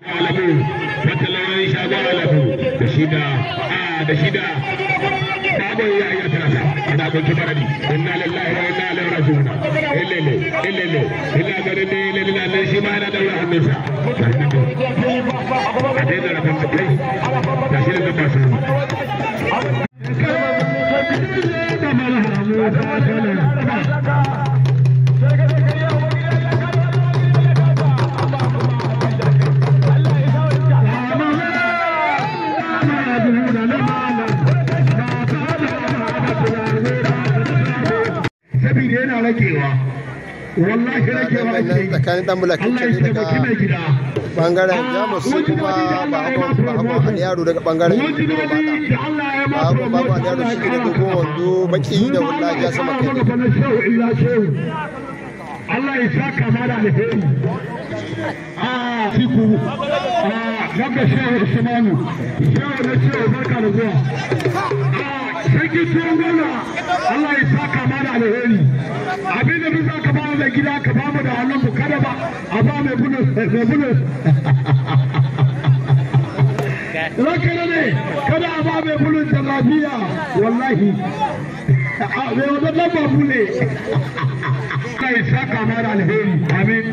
Matalawan shagon alafu da shida a da shida sabon ya yana daura hannunsa a dai da rafin da kai da shi wallahi rage wa ake tsakanin dan bula kin bangaren ah, jamus kuma ba hagu ba hagu aliyaru daga bangaren ba hagu ba hagu aliyaru shi ne dogon wando baki da wallahi ya sama kai Allah ya saka ma alheri a ah, tiku a ah, daga shehu Usmanu shehu na shehu barka da zuwa a sarki gona gida ka ba mu da hannun mu kada ba a ba mai gudun mai gudun rakana ne kada a ba mai gudun da lafiya wallahi mai wannan lamba bule kai saka mara alheri amin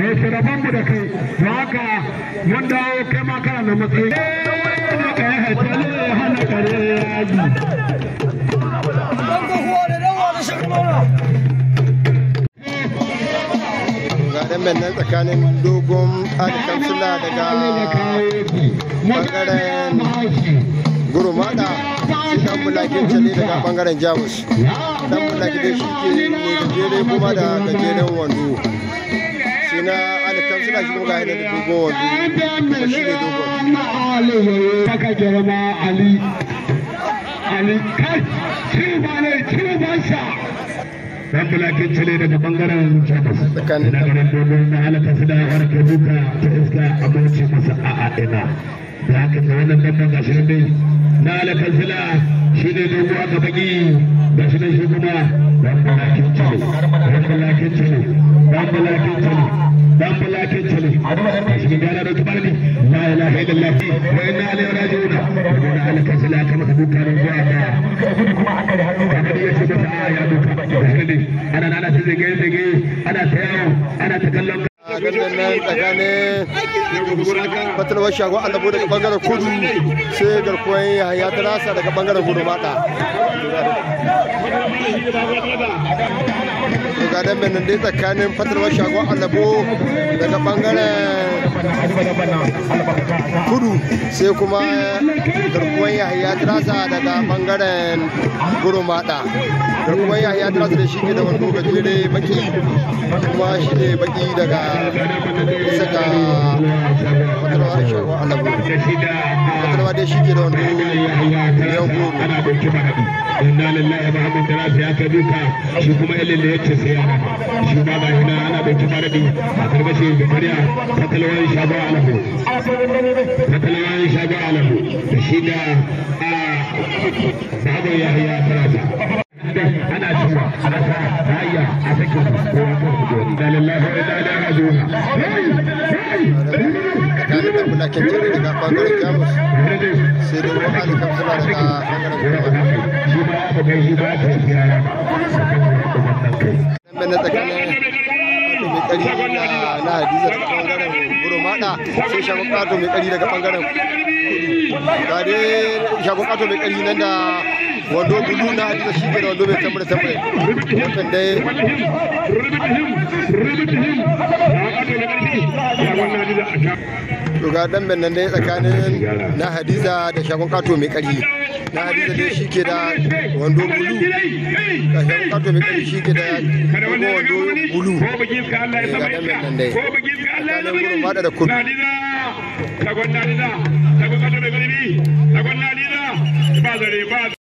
ne shi rabon mu da kai da haka mun dawo kai ma kana na matsayi eh, ka yi damben nan tsakanin dogon alkansila daga bangaren gurumada shi dan bulakin cale daga bangaren jamus dan bulakin da shi ke ne gajere kuma da gajeren wando shi na alkansila shi kuma ga da dogon wando kuma shi ne dogon ali ali kai ba ne ba sha dan talatin daga bangaren jamus ina ganin domin na halaka su da ke duka ta iska abinci masa a'a ina da haka ta wannan dabban gashi nan dai na halaka sila shi ne dogo aka da gashi nan shi kuma dan talatin cale dan talatin cale dan talatin cale dan talatin gara da tubar ne la ilaha illallah wa inna ilaihi raji'un da halaka sila aka masa duka ne shige ana ana ta kallon nan tsakanin fatalwar shagon annabu daga bangaren kudu sai garkuwar yahaya ta nasa daga bangaren kudu mata ga dai tsakanin daga kudu sai kuma garkuwan yahaya tirasa daga bangaren gurumada garkuwan yahaya tirasa da shi ne da wando gajere baki kuma shi ne baki daga isa ga fatarwa da shagon alabu matarwa dai shi ke da wando miliyan goro. Shi kuma ilil ya ce sai yana shi ba ba yana binci sanadi ah, a karkashin ta alamu da shi da a a ya yi kari na hadiza daga bangaren buru mada sai shagon kato mai kari daga bangaren ga dai shagon kato mai kari nan da wando na hadiza shi ke da wando mai tambare tambare wakan dai to ga dan dai tsakanin na hadiza da shagon kato mai kari na hadiza shi ke da wando bulu kashin kato mai kai shi ke da wando bulu ga ka nan dai tsakanin gurin fada da kudu ba zare ba